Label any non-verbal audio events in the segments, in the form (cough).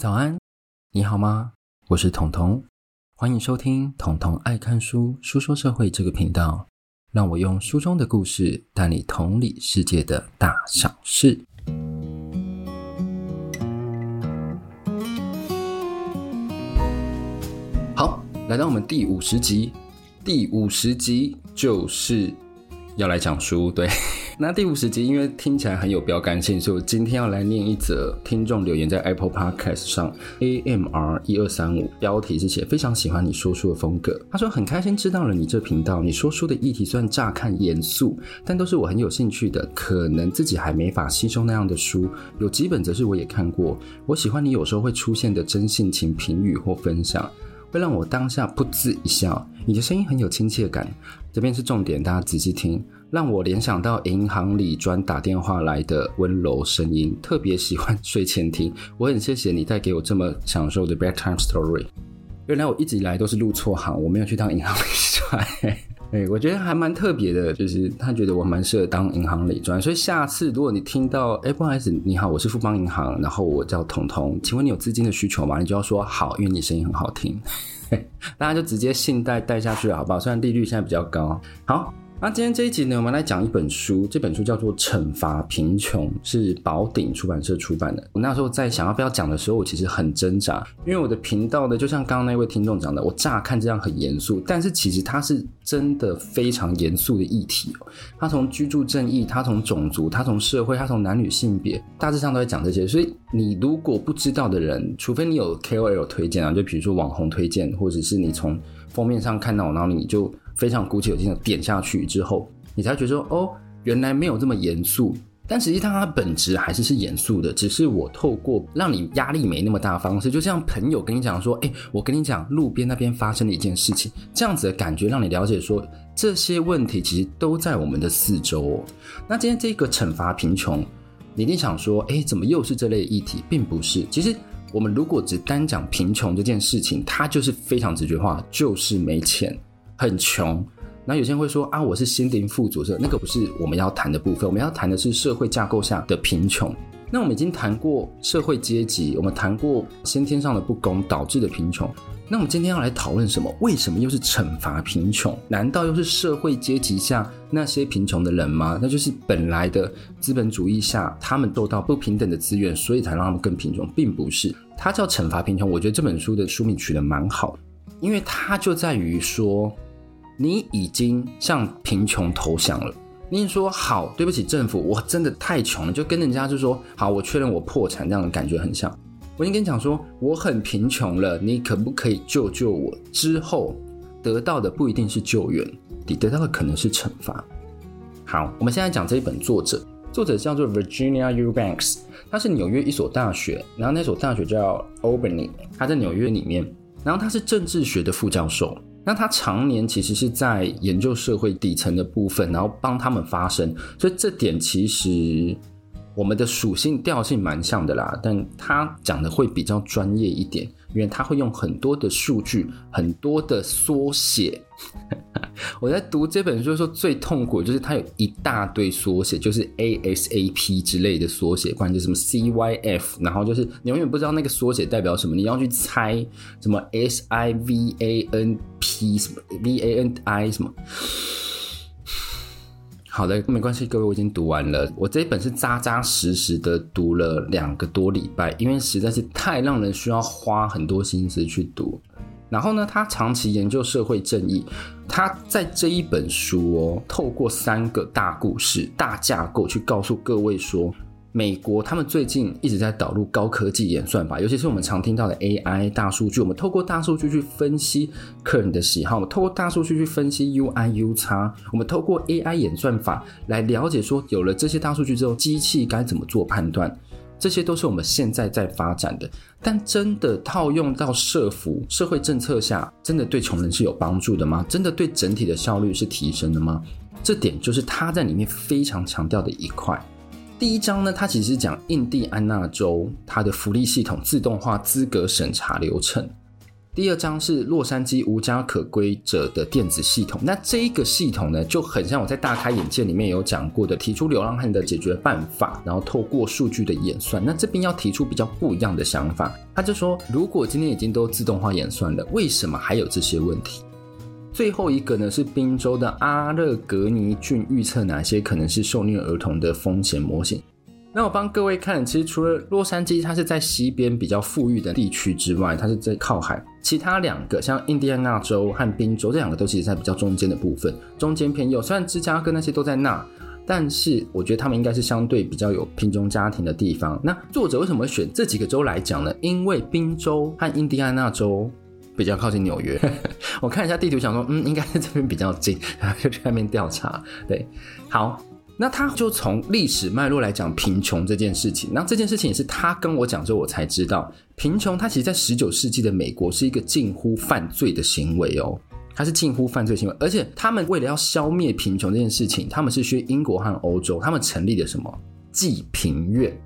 早安，你好嗎？我是統統，歡迎收聽《統統愛看書書說社會》這個頻道，讓我用書中的故事帶你同理世界的大小事。好，來到我們第五十集，第五十集就是要來講書，對。那第五十集，因為聽起來很有標桿性，所以我今天要來念一則聽眾留言，在 Apple Podcast 上，AMR 一二三五，35，標題是寫“非常喜歡你說書的風格”。他說：“很開心知道了你這頻道，你說書的議題雖然乍看嚴肅，但都是我很有興趣的。可能自己還沒法吸收那樣的書，有幾本則是我也看過。我喜歡你有時候會出現的真性情評語或分享，會讓我當下噗嗤一笑。你的聲音很有親切感。這邊是重點，大家仔細聽。”讓我聯想到銀行理專打電話來的溫柔聲音，特別喜歡睡前聽。我很謝謝你帶給我這麼享受的 bedtime story。原來我一直以來都是入錯行，我沒有去當銀行理專。哎， (laughs) 我覺得還蠻特別的，就是他覺得我蠻適合當銀行理專。所以下次如果你聽到誒，不好意思，你好，我是富邦銀行，然後我叫彤彤，請問你有資金的需求嗎？你就要說好，因為你聲音很好聽， (laughs) 大家就直接信貸貸下去了，好不好？雖然利率現在比較高，好。那、啊、今天這一集呢，我們來講一本書，這本書叫做《懲罰貧窮》，是寶鼎出版社出版的。我那時候在想要不要講的時候，我其實很掙扎，因為我的頻道呢，就像剛剛那位聽眾講的，我乍看這樣很嚴肅，但是其實它是真的非常嚴肅的議題、哦。它從居住正義，它從種族，它從社會，它從男女性別，大致上都在講這些。所以你如果不知道的人，除非你有 KOL 推薦啊，就比如說網紅推薦，或者是你從封面上看到，然後你就。非常鼓起勇氣點，點下去之後，你才覺得說哦，原來沒有這麼嚴肅。但實際上它本質還是是嚴肅的，只是我透過讓你壓力沒那麼大的方式，就像朋友跟你講說，哎，我跟你講路邊那邊發生了一件事情，這樣子的感覺讓你了解說這些問題其實都在我們的四周哦。那今天這個懲罰貧窮，你一定想說，哎，怎麼又是這類的議題？並不是，其實我們如果只單講貧窮這件事情，它就是非常直覺化，就是沒錢。很窮，那有些人會說啊，我是心靈富足者，那個不是我們要談的部分。我們要談的是社會架構下的貧窮。那我們已經談過社會階級，我們談過先天上的不公導致的貧窮。那我們今天要來討論什麼？為什麼又是懲罰貧窮？難道又是社會階級下那些貧窮的人嗎？那就是本來的資本主義下，他們得到不平等的資源，所以才讓他們更貧窮，並不是。他叫懲罰貧窮。我覺得這本書的書名取得蠻好，因為它就在於說。你已經向貧窮投降了。你說好，對不起政府，我真的太窮了，就跟人家就說好，我確認我破產，這樣的感覺很像。我已經跟你講說我很貧窮了，你可不可以救救我？之後得到的不一定是救援，你得到的可能是懲罰。好，我們現在講這一本作者，作者叫做 Virginia Eubanks，他是紐約一所大學，然後那所大學叫 Albany，他在紐約裡面，然後他是政治學的副教授。那他常年其實是在研究社會底層的部分，然後幫他們發聲，所以這點其實我們的屬性調性蠻像的啦。但他講的會比較專業一點，因為他會用很多的數據，很多的縮寫。我在讀這本書的時候，最痛苦的就是它有一大堆縮寫，就是 A S A P 之類的縮寫，不然就是什麼 C Y F，然後就是你永遠不知道那個縮寫代表什麼，你要去猜什麼 S I V A N P 什麼 V A N I 什麼。好的，沒關係，各位，我已經讀完了。我這一本是扎扎實實的讀了兩個多禮拜，因為實在是太讓人需要花很多心思去讀。然後呢，他長期研究社會正義，他在這一本書哦，透過三個大故事、大架構去告訴各位說，美國他們最近一直在導入高科技演算法，尤其是我們常聽到的 AI、大數據。我們透過大數據去分析客人的喜好，我們透過大數據去分析 UI、UX。我們透過 AI 演算法來了解說，有了這些大數據之後，機器該怎麼做判斷。這些都是我們現在在發展的，但真的套用到社服社會政策下，真的對窮人是有幫助的嗎？真的對整體的效率是提升的嗎？這點就是他在裡面非常強調的一塊。第一章呢，他其實講印第安納州它的福利系統自動化資格審查流程。第二章是洛杉磯無家可歸者的電子系統，那這一個系統呢，就很像我在大開眼界裡面有講過的，提出流浪漢的解決辦法，然後透過數據的演算，那這邊要提出比較不一樣的想法。他就說，如果今天已經都自動化演算了，為什麼還有這些問題？最後一個呢是賓州的阿勒格尼郡預測哪些可能是受虐兒童的風險模型。那我幫各位看，其實除了洛杉磯，它是在西邊比較富裕的地區之外，它是在靠海。其他兩個像印第安納州和賓州這兩個，都其實在比較中間的部分，中間偏右。雖然芝加哥那些都在那，但是我覺得他們應該是相對比較有貧窮家庭的地方。那作者為什麼會選這幾個州來講呢？因為賓州和印第安納州比較靠近紐約。 (laughs) 我看一下地圖，想說，嗯，應該是這邊比較近， (laughs) 就去外面調查。對，好。那他就從歷史脈絡來講貧窮這件事情，那這件事情也是他跟我講之後我才知道，貧窮它其實，在十九世紀的美國是一個近乎犯罪的行為哦，它是近乎犯罪行為，而且他們為了要消滅貧窮這件事情，他們是學英國和歐洲，他們成立的什麼？濟貧院。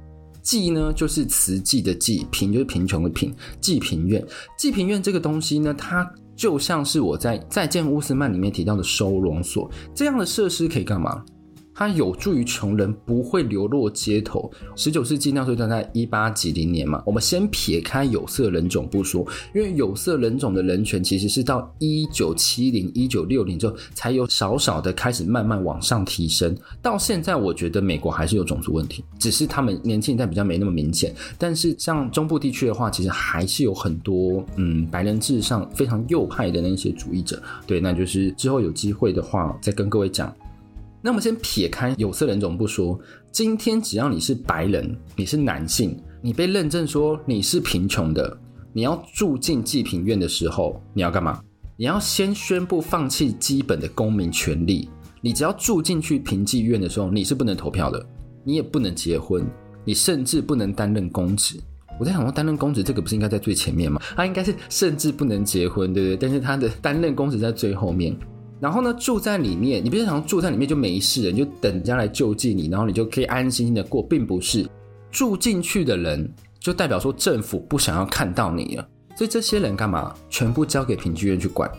濟呢就是慈濟的濟，貧就是貧窮的貧，濟貧院。濟貧院這個東西呢，它就像是我在《再見烏斯曼》裡面提到的收容所這樣的設施，可以幹嘛？它有助於窮人不會流落街頭。十九世紀那時候算在一八幾零年嘛，我們先撇開有色人種不說，因為有色人種的人權其實是到一九七零、一九六零之後才有少少的開始慢慢往上提升。到現在，我覺得美國還是有種族問題，只是他們年輕一代比較沒那麼明顯。但是像中部地區的話，其實還是有很多嗯白人至上、非常右派的那些主義者。對，那就是之後有機會的話再跟各位講。那麼先撇開有色人種不說，今天只要你是白人，你是男性，你被認證說你是貧窮的，你要住進濟貧院的時候，你要幹嘛？你要先宣布放棄基本的公民權利。你只要住進去貧濟院的時候，你是不能投票的，你也不能結婚，你甚至不能擔任公職。我在想，說擔任公職這個不是應該在最前面嗎？他應該是甚至不能結婚，對不對？但是他的擔任公職在最後面。然後呢，住在裡面，你平常住在裡面就沒事，你就等人家來救濟你，然後你就可以安安心心的過，並不是住進去的人就代表說政府不想要看到你了，所以這些人幹嘛？全部交給貧窮院去管，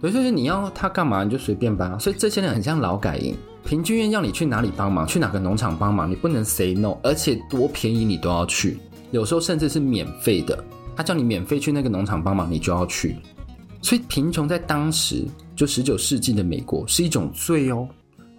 所以就是你要他幹嘛，你就隨便吧。所以這些人很像勞改營，貧窮院要你去哪裡幫忙，去哪個農場幫忙，你不能 say no，而且多便宜你都要去，有時候甚至是免費的，他叫你免費去那個農場幫忙，你就要去。所以貧窮在當時，就十九世紀的美國是一種罪哦，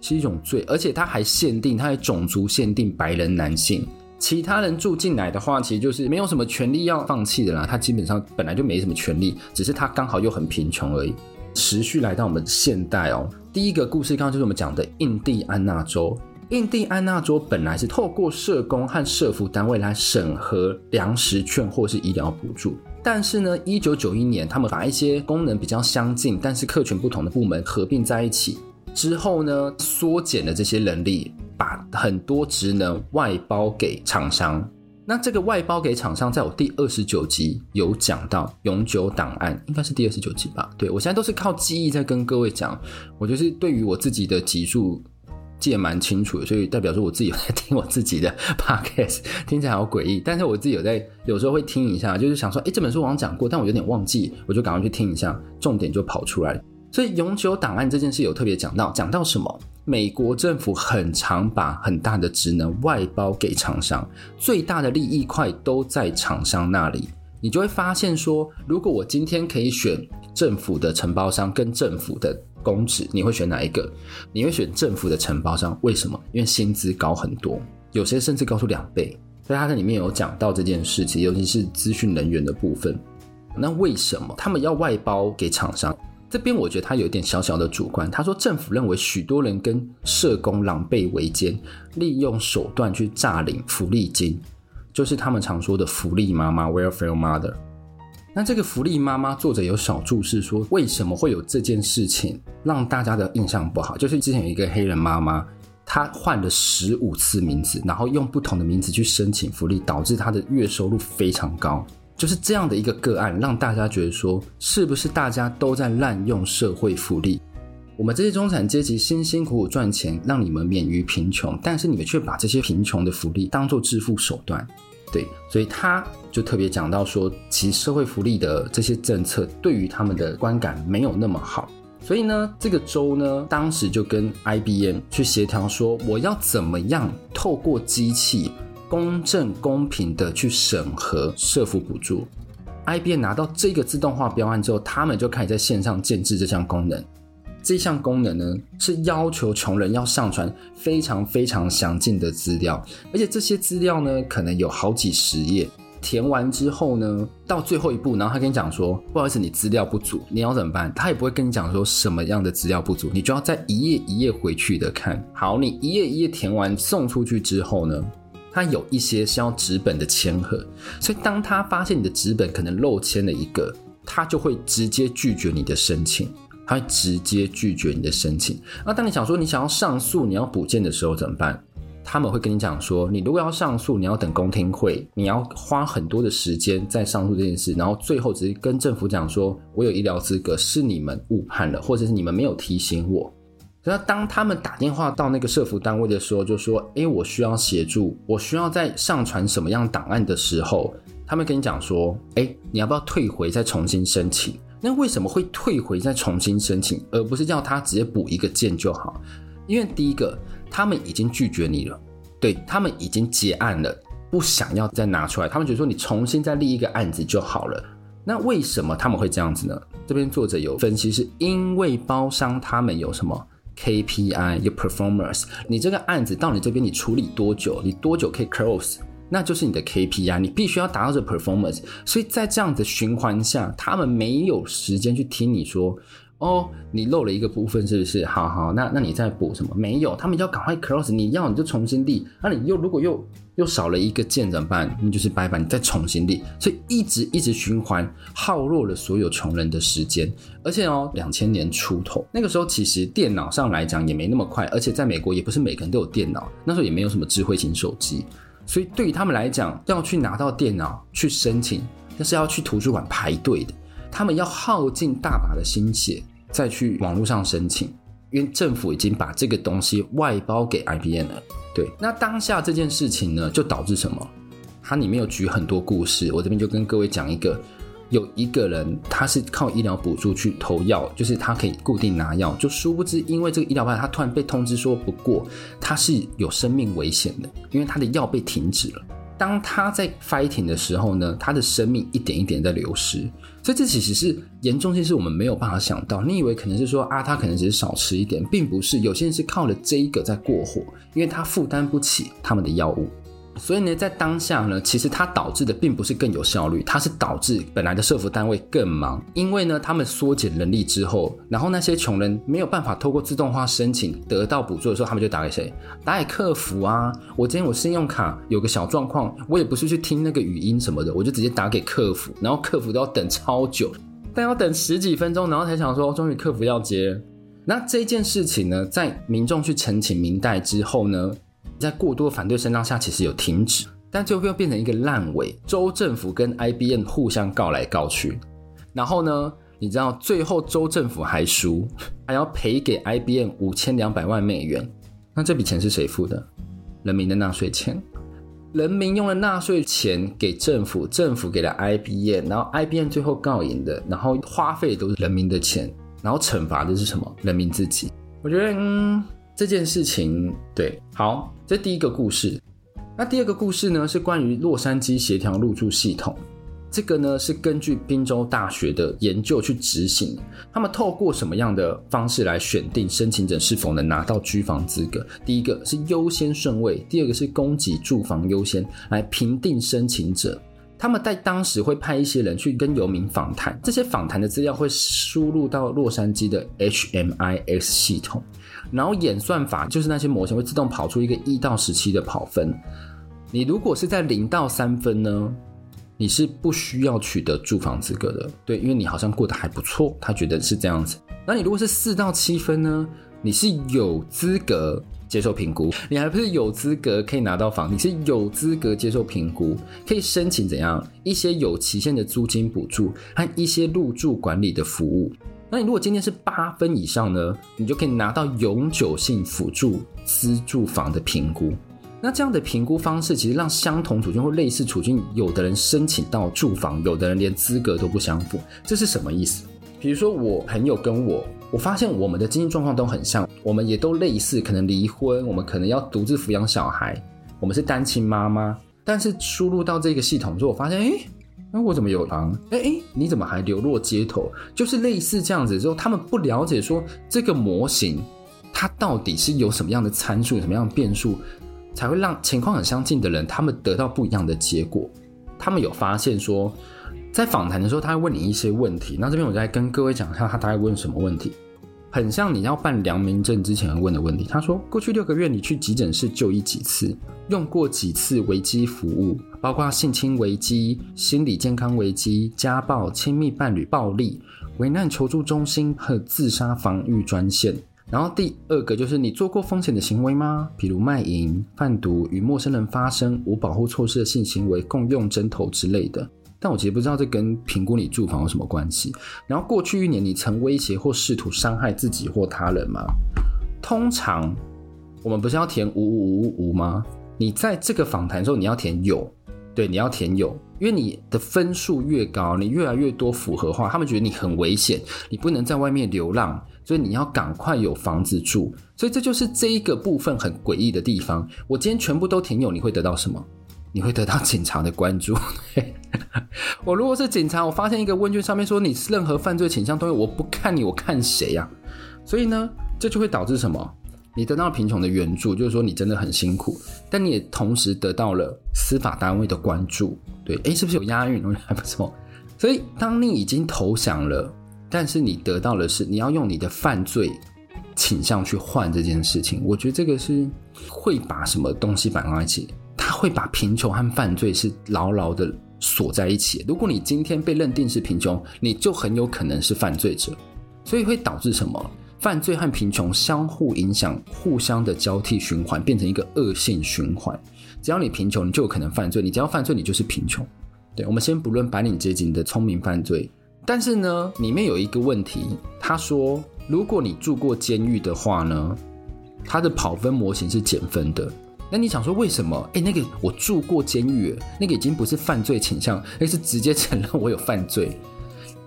是一種罪，而且他還限定，他還種族限定白人男性，其他人住進來的話，其實就是沒有什麼權利要放棄的啦。他基本上本來就沒什麼權利，只是他剛好又很貧窮而已。持續來到我們現代哦，第一個故事剛剛就是我們講的印第安納州，印第安納州本來是透過社工和社服單位來審核糧食券或是醫療補助。但是呢，一九九一年，他們把一些功能比較相近，但是客群不同的部門合併在一起之後呢，縮減了這些人力，把很多職能外包給廠商。那這個外包給廠商，在我第二十九集有講到，永久檔案應該是第二十九集吧？對，我現在都是靠記憶在跟各位講，我就是對於我自己的集數。記得蠻清楚的，所以代表說我自己有在聽我自己的 podcast，聽起來好詭異。但是我自己有在有時候會聽一下，就是想說，誒，這本書我好像講過，但我有點忘記，我就趕快去聽一下，重點就跑出來了。所以永久檔案這件事有特別講到，講到什麼？美國政府很常把很大的職能外包給廠商，最大的利益塊都在廠商那裡。你就會發現說，如果我今天可以選政府的承包商跟政府的。公職你會選哪一個？你會選政府的承包商？為什麼？因為薪資高很多，有些甚至高出兩倍。所以他在他的裡面有講到這件事情，尤其是資訊人員的部分。那為什麼他們要外包給廠商？這邊我覺得他有一點小小的主觀。他說政府認為許多人跟社工狼狽為奸，利用手段去詐領福利金，就是他們常說的福利媽媽 （welfare mother）。那這個福利媽媽，作者有小註釋說，為什麼會有這件事情讓大家的印象不好？就是之前有一個黑人媽媽，她換了十五次名字，然後用不同的名字去申請福利，導致她的月收入非常高。就是這樣的一個個案，讓大家覺得說，是不是大家都在濫用社會福利？我們這些中產階級辛辛苦苦賺錢，讓你們免於貧窮，但是你們卻把這些貧窮的福利當做致富手段。對，所以他就特別講到說，其實社會福利的這些政策對於他們的觀感沒有那麼好。所以呢，這個州呢，當時就跟 IBM 去協調說，我要怎麼樣透過機器公正公平的去審核社福補助。IBM 拿到這個自動化標案之後，他們就開始在線上建置這項功能。這項功能呢，是要求窮人要上傳非常非常詳盡的資料，而且這些資料呢，可能有好幾十頁。填完之後呢，到最後一步，然後他跟你講說，不好意思，你資料不足，你要怎麼辦？他也不會跟你講說什麼樣的資料不足，你就要再一頁一頁回去的看。好，你一頁一頁填完送出去之後呢，他有一些是要紙本的簽核。所以當他發現你的紙本可能漏簽了一個，他就會直接拒絕你的申請。他會直接拒絕你的申請。那當你想說你想要上訴、你要補件的時候怎麼辦？他們會跟你講說，你如果要上訴，你要等公聽會，你要花很多的時間在上訴這件事，然後最後只是跟政府講說，我有醫療資格，是你們誤判了，或者是你們沒有提醒我。那當他們打電話到那個社服單位的時候，就說：“誒，我需要協助，我需要在上傳什麼樣檔案的時候？”他們跟你講說：“誒，你要不要退回再重新申請？”那為什麼會退回再重新申請，而不是叫他直接補一個件就好？因為第一個，他們已經拒絕你了，對他們已經結案了，不想要再拿出來。他們覺得說你重新再立一個案子就好了。那為什麼他們會這樣子呢？這邊作者有分析，是因為包商他們有什麼 KPI，有 performance，你這個案子到你這邊你處理多久，你多久可以 close？那就是你的 KPI，你必須要達到這 performance。所以在這樣的循環下，他們沒有時間去聽你說，哦，你漏了一個部分，是不是？好好，那那你再補什麼？沒有，他們要趕快 close，你要你就重新立。那、啊、你又如果又又少了一個鍵怎麼辦？那就是拜拜，你再重新立。所以一直一直循環，耗弱了所有窮人的時間。而且哦，兩千年出頭，那個時候其實電腦上來講也沒那麼快，而且在美國也不是每個人都有電腦，那時候也沒有什麼智慧型手機。所以對於他們來講，要去拿到電腦去申請，那是要去圖書館排隊的。他們要耗盡大把的心血再去網絡上申請，因為政府已經把這個東西外包給 IBM 了。對，那當下這件事情呢，就導致什麼？它裡面有舉很多故事，我這邊就跟各位講一個。有一個人，他是靠醫療補助去投藥，就是他可以固定拿藥，就殊不知，因為這個醫療保險，他突然被通知說不過，他是有生命危險的，因為他的藥被停止了。當他在 fighting 的時候呢，他的生命一點一點在流失，所以這其實是嚴重性是我們沒有辦法想到。你以為可能是說啊，他可能只是少吃一點，並不是，有些人是靠着這一個在過活，因為他負擔不起他們的藥物。所以呢，在當下呢，其實它導致的並不是更有效率，它是導致本來的社福單位更忙，因為呢，他們縮減人力之後，然後那些窮人沒有辦法透過自動化申請得到補助的時候，他們就打給誰？打給客服啊！我今天我信用卡有個小狀況，我也不是去聽那個語音什麼的，我就直接打給客服，然後客服都要等超久，但要等十幾分鐘，然後才想說，哦、終於客服要接。那這件事情呢，在民眾去陳情民代之後呢，在過多的反對聲浪下，其實有停止，但最後又變成一個爛尾。州政府跟 IBM 互相告來告去，然後呢，你知道最後州政府還輸，還要賠給 IBM 五千兩百萬美元。那這筆錢是誰付的？人民的納稅錢，人民用了納稅錢給政府，政府給了 IBM，然後 IBM 最後告贏的，然後花費都是人民的錢，然後懲罰的是什麼？人民自己。我覺得，嗯，這件事情對，好。這是第一個故事，那第二個故事呢？是關於洛杉磯協調入住系統。這個呢是根據賓州大學的研究去執行。他們透過什麼樣的方式來選定申請者是否能拿到居房資格？第一個是優先順位，第二個是供給住房優先來評定申請者。他們在當時會派一些人去跟游民訪談，這些訪談的資料會輸入到洛杉磯的 H M I S 系統。然後演算法就是那些模型會自動跑出一個一到十七的跑分。你如果是在零到三分呢，你是不需要取得住房資格的，對，因為你好像過得還不錯，他覺得是這樣子。那你如果是四到七分呢，你是有資格接受評估，你還不是有資格可以拿到房，你是有資格接受評估，可以申請怎樣一些有期限的租金補助和一些入住管理的服務。那你如果今天是八分以上呢，你就可以拿到永久性輔助資住房的評估。那這樣的評估方式，其實讓相同處境或類似處境，有的人申請到住房，有的人連資格都不相符，這是什麼意思？比如說我朋友跟我，我發現我們的經濟狀況都很像，我們也都類似，可能離婚，我們可能要獨自撫養小孩，我們是單親媽媽，但是輸入到這個系統之後，我發現，誒、欸……那我怎麼有房？哎哎，你怎麼還流落街頭？就是類似這樣子之後，他們不了解說這個模型它到底是有什麼樣的參數、什麼樣的變數，才會讓情況很相近的人他們得到不一樣的結果。他們有發現說，在訪談的時候，他會問你一些問題。那這邊我再跟各位講一下，他大概問什麼問題。很像你要辦良民證之前問的問題。他說，過去六個月你去急診室就醫幾次，用過幾次危機服務，包括性侵危機、心理健康危機、家暴、親密伴侶暴力、危難求助中心和自殺防禦專線。然後第二個就是你做過風險的行為嗎？比如賣淫、販毒、與陌生人發生無保護措施的性行為、共用針頭之類的。但我其實不知道這跟評估你住房有什麼關係。然後，過去一年你曾威脅或試圖傷害自己或他人嗎？通常我們不是要填無無無嗎？你在這個訪談的時候，你要填有，對，你要填有，因為你的分數越高，你越來越多符合化。他們覺得你很危險，你不能在外面流浪，所以你要趕快有房子住。所以這就是這一個部分很詭異的地方。我今天全部都填有，你會得到什麼？你會得到警察的關注。 (laughs) 我如果是警察，我發現一個問卷上面說你是任何犯罪傾向都有，我不看你，我看誰呀？啊？所以呢，這就會導致什麼？你得到貧窮的援助，就是說你真的很辛苦，但你也同時得到了司法單位的關注。對，哎，是不是有押韻？還不錯。所以，當你已經投降了，但是你得到的是你要用你的犯罪傾向去換這件事情，我覺得這個是會把什麼東西綁在一起。會把貧窮和犯罪是牢牢的鎖在一起。如果你今天被認定是貧窮，你就很有可能是犯罪者，所以會導致什麼？犯罪和貧窮相互影響，互相的交替循環，變成一個惡性循環。只要你貧窮，你就有可能犯罪；你只要犯罪，你就是貧窮。對，我們先不論白領階級的聰明犯罪，但是呢，裡面有一個問題，他說，如果你住過監獄的話呢，他的跑分模型是減分的。那你想說為什麼？哎，那個我住過監獄，那個已經不是犯罪傾向，而、那個、是直接承認我有犯罪。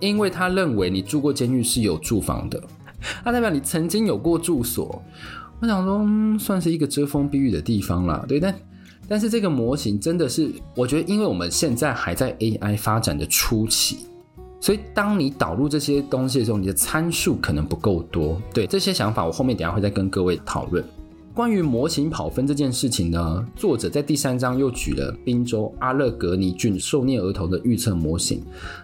因為他認為你住過監獄是有住房的，它、啊、代表你曾經有過住所。我想說、嗯，算是一個遮風避雨的地方啦。對，但但是這個模型真的是，我覺得因為我們現在還在 AI 發展的初期，所以當你導入這些東西的時候，你的參數可能不夠多。對，這些想法我後面等一下會再跟各位討論。關於模型跑分這件事情呢，作者在第三章又舉了賓州阿勒格尼郡受虐兒童的預測模型。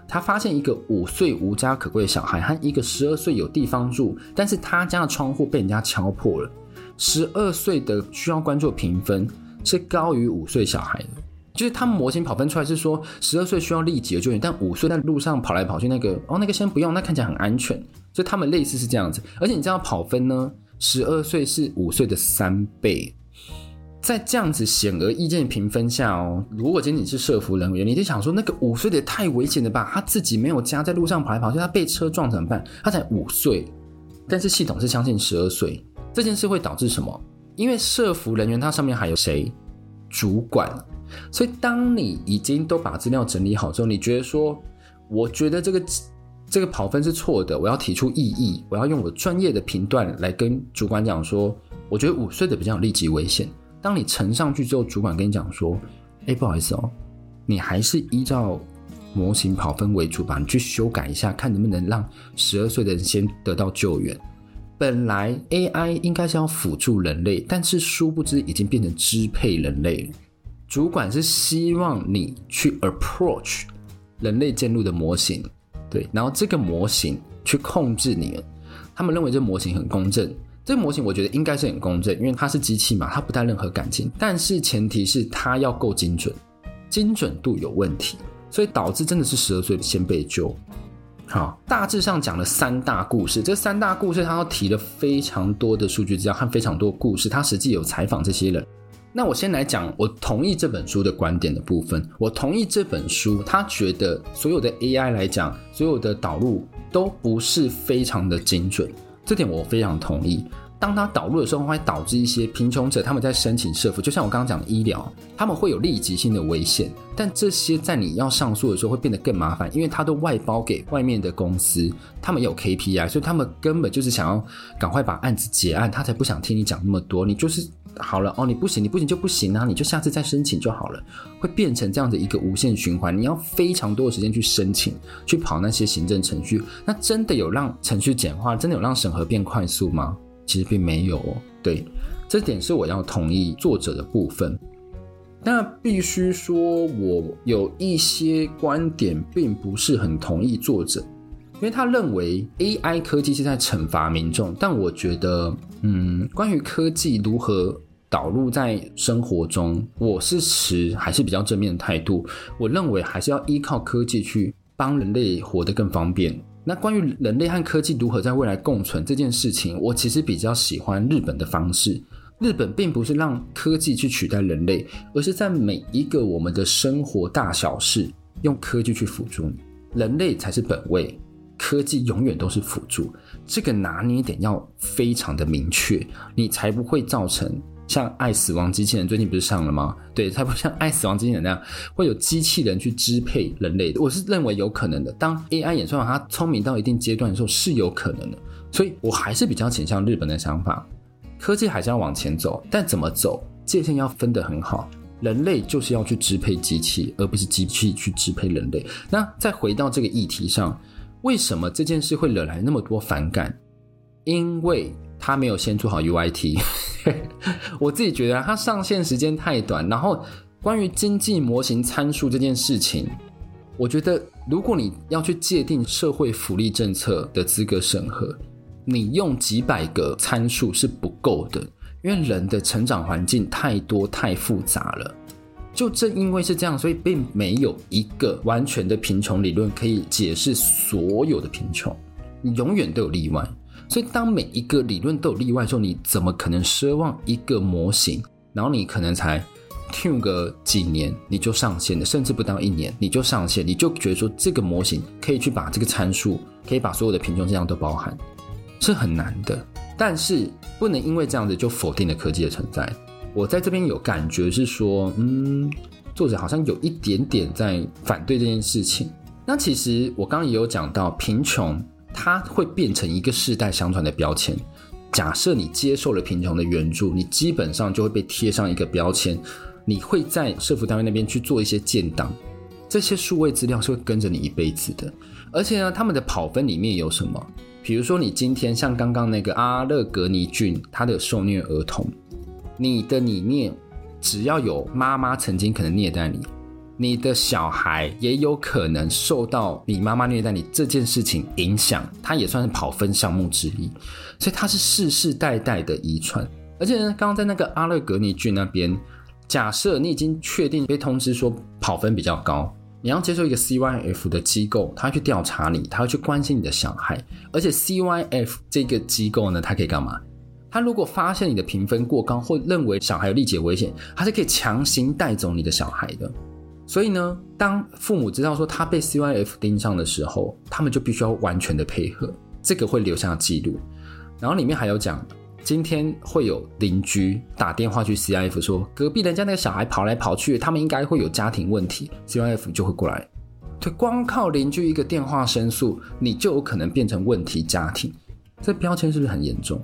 他發現一個五歲無家可歸的小孩和一個十二歲有地方住，但是他家的窗戶被人家敲破了。十二歲的需要關注的評分是高於五歲小孩的，就是他們模型跑分出來是說十二歲需要立即的救援，但五歲在路上跑來跑去那個哦，那個先不用，那看起來很安全，所以他們類似是這樣子。而且你知道跑分呢？十二歲是五歲的三倍，在這樣子顯而易見的評分下哦，如果僅僅是社服人員，你就想說那個五歲的太危險了吧？他自己沒有家，在路上跑來跑去，他被車撞怎麼辦？他才五歲，但是系統是相信十二歲這件事會導致什麼？因為社服人員他上面還有誰主管，所以當你已經都把資料整理好之後，你覺得說，我覺得這個。這個跑分是錯的，我要提出異議。我要用我專業的評斷來跟主管講說，我覺得五歲的比較有立即危險。當你呈上去之後，主管跟你講說：“哎，不好意思哦，你還是依照模型跑分為主吧，你去修改一下，看能不能讓十二歲的人先得到救援。”本來 AI 應該是要輔助人類，但是殊不知已經變成支配人類了。主管是希望你去 approach 人類介入的模型。對，然後這個模型去控制你們，他們認為這模型很公正，這模型我覺得應該是很公正，因為它是機器嘛，它不帶任何感情。但是前提是它要夠精準，精準度有問題，所以導致真的是十二歲先被揪。好，大致上講了三大故事，這三大故事他要提了非常多的數據資料和非常多故事，他實際有採訪這些人。那我先來講，我同意這本書的觀點的部分。我同意這本書，他覺得所有的 AI 來講，所有的導入都不是非常的精準。這點我非常同意。當它導入的時候，會導致一些貧窮者他們在申請社福，就像我剛剛講的醫療，他們會有立即性的危險，但這些在你要上訴的時候會變得更麻煩，因為他都外包給外面的公司，他們有 KPI，所以他們根本就是想要趕快把案子結案，他才不想聽你講那麼多。你就是好了哦，你不行，你不行就不行啊，你就下次再申請就好了，會變成這樣子一個無限循環。你要非常多的時間去申請，去跑那些行政程序，那真的有讓程序簡化，真的有讓審核變快速嗎？其實並沒有，對，這點是我要同意作者的部分。那必須說，我有一些觀點並不是很同意作者，因為他認為 AI 科技是在懲罰民眾。但我覺得，嗯，關於科技如何導入在生活中，我是持還是比較正面的態度。我認為還是要依靠科技去幫人類活得更方便。那關於人類和科技如何在未來共存這件事情，我其實比較喜歡日本的方式。日本並不是讓科技去取代人類，而是在每一個我們的生活大小事，用科技去輔助你，人類才是本位，科技永遠都是輔助。這個拿捏點要非常的明確，你才不會造成。像愛死亡機器人最近不是上了嗎？對，它不像愛死亡機器人那樣會有機器人去支配人類。我是認為有可能的，當 AI 演算它聰明到一定階段的時候是有可能的。所以我還是比較傾向日本的想法，科技還是要往前走，但怎麼走，界限要分得很好。人類就是要去支配機器，而不是機器去支配人類。那再回到這個議題上，為什麼這件事會惹來那麼多反感？因為。他沒有先做好 UIT， (laughs) 我自己覺得他上線時間太短。然後關於經濟模型參數這件事情，我覺得如果你要去界定社會福利政策的資格審核，你用幾百個參數是不夠的，因為人的成長環境太多太複雜了。就正因為是這樣，所以並沒有一個完全的貧窮理論可以解釋所有的貧窮，你永遠都有例外。所以，當每一個理論都有例外的時候，你怎麼可能奢望一個模型？然後你可能才聽個幾年你就上線了，甚至不到一年你就上線，你就覺得說這個模型可以去把這個參數，可以把所有的貧窮現象都包含，是很難的。但是不能因為這樣子就否定了科技的存在。我在這邊有感覺是說，嗯，作者好像有一點點在反對這件事情。那其實我剛剛也有講到貧窮。它會變成一個世代相傳的標籤。假設你接受了貧窮的援助，你基本上就會被貼上一個標籤。你會在社福單位那邊去做一些建檔，這些數位資料是會跟着你一輩子的。而且呢，他們的跑分裡面有什麼？比如說，你今天像剛剛那個阿勒格尼郡，他的受虐兒童，你的理念只要有媽媽曾經可能虐待你，你的小孩也有可能受到你媽媽虐待你這件事情影響，他也算是跑分項目之一，所以他是世世代代的遺傳。而且呢，剛剛在那個阿勒格尼郡那邊，假設你已經確定被通知說跑分比較高，你要接受一個 CYF 的機構，他要去調查你，他要去關心你的小孩。而且 CYF 這個機構呢，它可以幹嘛？他如果發現你的評分過高，或認為小孩有立即危險，他是可以強行帶走你的小孩的。所以呢，當父母知道說他被 CYF 盯上的時候，他們就必須要完全的配合，這個會留下記錄。然後裡面還有講，今天會有鄰居打電話去 CYF 說，隔壁人家那個小孩跑來跑去，他們應該會有家庭問題，CYF 就會過來。就光靠鄰居一個電話申訴，你就有可能變成問題家庭，這標籤是不是很嚴重？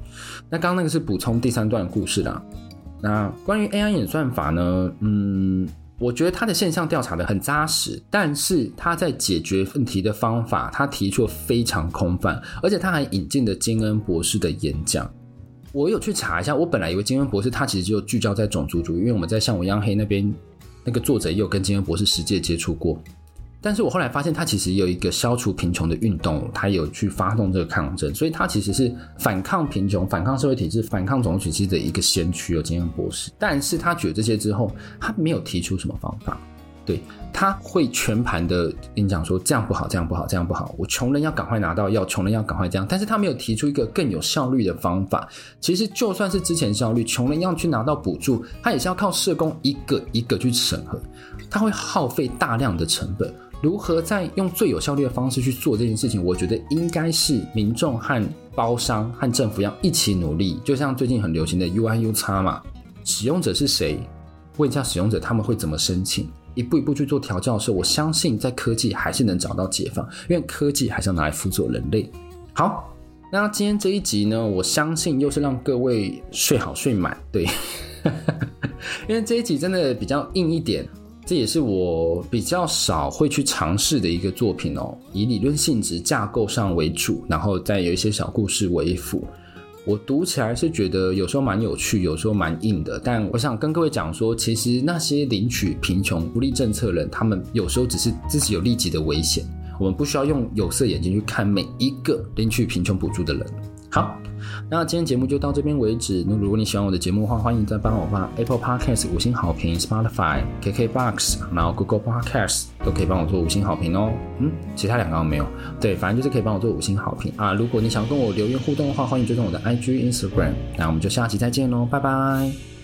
那剛剛那個是補充第三段故事啦。那關於 AI 演算法呢？嗯。我覺得他的現象調查的很扎實，但是他在解決問題的方法，他提出非常空泛，而且他還引進了金恩博士的演講。我有去查一下，我本來以為金恩博士他其實就聚焦在種族主義，因為我們在像我一樣黑那邊那個作者也有跟金恩博士實際接觸過。但是我後來發現，他其實有一個消除貧窮的運動，他有去發動這個抗爭，所以他其實是反抗貧窮、反抗社會體制、反抗種族體制的一個先驅哦，金恩博士。但是他舉了這些之後，他沒有提出什麼方法，對，他會全盤的跟你講說這樣不好，這樣不好，這樣不好。我窮人要趕快拿到藥，窮人要趕快這樣，但是他沒有提出一個更有效率的方法。其實就算是之前效率，窮人要去拿到補助，他也是要靠社工一個一個去審核，他會耗費大量的成本。如何在用最有效率的方式去做這件事情？我覺得應該是民眾和包商和政府要一,一起努力。就像最近很流行的 UI UX 嘛，使用者是誰？問一下使用者他們會怎麼申請？一步一步去做調教的時候，我相信在科技還是能找到解放，因為科技還是要拿來輔佐人類。好，那今天這一集呢，我相信又是讓各位睡好睡滿。對， (laughs) 因為這一集真的比較硬一點。這也是我比較少會去嘗試的一個作品哦，以理論性質、架構上為主，然後再有一些小故事為輔。我讀起來是覺得有時候蠻有趣，有時候蠻硬的。但我想跟各位講說，其實那些領取貧窮福利政策的人，他們有時候只是自己有利己的危險。我們不需要用有色眼睛去看每一個領取貧窮補助的人。好，那今天節目就到這邊為止。那如果你喜歡我的節目的話，歡迎再幫我發 Apple Podcast 五星好評，Spotify，KK Box，然後 Google Podcast 都可以幫我做五星好評哦。嗯，其他兩個都沒有，對，反正就是可以幫我做五星好評啊。如果你想跟我留言互動的話，歡迎追蹤我的 IG，Instagram。那我們就下期再見嘍，拜拜。